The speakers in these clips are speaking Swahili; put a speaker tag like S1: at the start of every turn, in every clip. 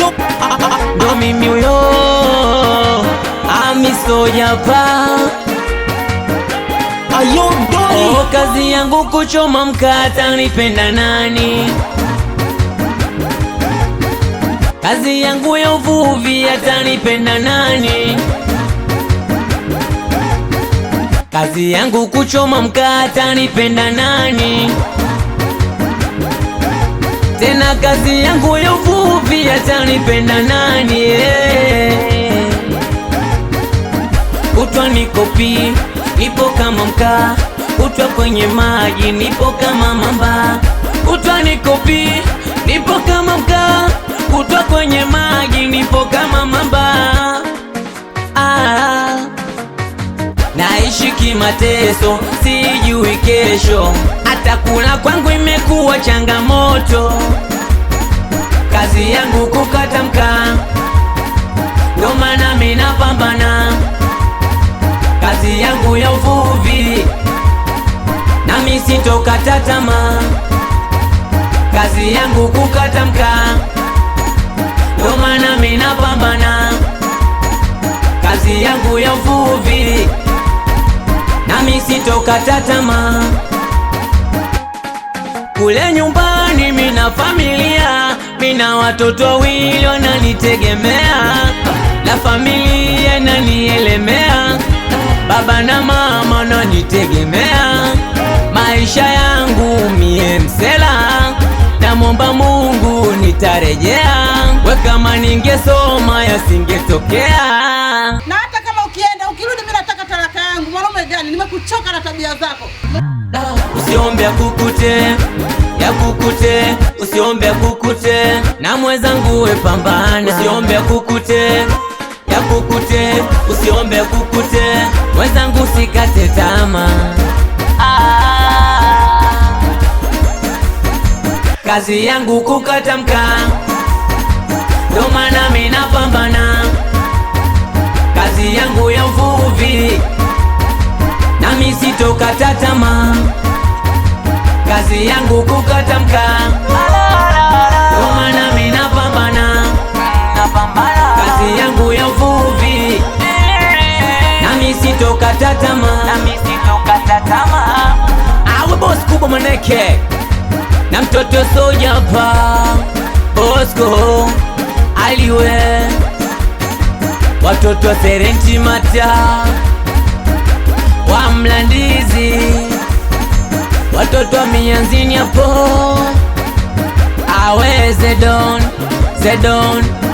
S1: yo ndo mimi ayo amisoyapa oh, kazi yangu kuchoma mkata, nipenda nani? Kazi yangu ya uvuvi atanipenda nani? Kazi yangu kuchoma mkata, nipenda nani? tena kazi yangu ya uvuvi atanipenda nani? kutwa nikopi nipo kama mkaa, kutwa kwenye maji nipo kama mamba. Kutwa nikopi nipo kama mkaa, kutwa kwenye maji nipo kama mamba. Ah, naishi kimateso, sijui kesho hata kula kwangu imekuwa changamoto, kazi yangu kukata mkaa, ndo maana mimi napambana kazi yangu ya uvuvi, nami sitokata tamaa, kazi yangu kukata mkaa, ndo maana mimi napambana kazi yangu ya uvuvi, nami sitokata tamaa kule nyumbani mina familia, mina watoto wawili wananitegemea, la familia inanielemea, baba na mama wananitegemea, maisha yangu mie msela, namwomba Mungu nitarejea, we kama ningesoma yasingetokea
S2: Mwanaume gani? Nimekuchoka na tabia zako.
S1: Usiombe akukute kukute, usiombe kukute na mwenzangu we pambana, usiombe ya kukute, usiombe kukute mwenzangu sikate tama ah. Kazi yangu kukata mkaa, ndo maana mimi napambana. Kazi yangu ya uvuvi, nami sitokata tamaa kazi yangu kukata mkaa, maana mimi napambana, kazi yangu ya uvuvi, nami sitokata tamaa. Awe boss kubwa maneke na mtoto soja pa Bosco aliwe watoto wa Serenti Mata wa Mlandi mtoto mianzini hapo awe Zedon Zedon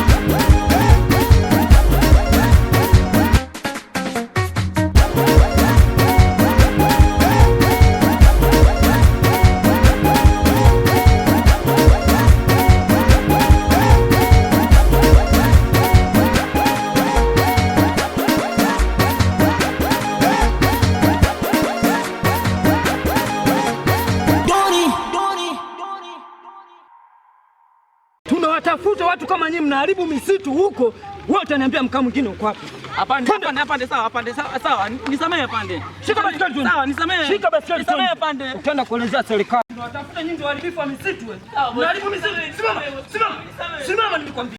S3: watafuta watu kama nyinyi, mnaharibu misitu huko wote. Niambia mkaa mwingine uko wapi?
S4: Apande, apande, apande, sawa, sawa, sawa.
S3: Shika Sawa,
S4: Shika
S3: Utaenda kuelezea serikali. watafuta nyinyi waharibifu wa misitu wewe. Mnaharibu misitu. Simama. Simama. Simama nilikwambia.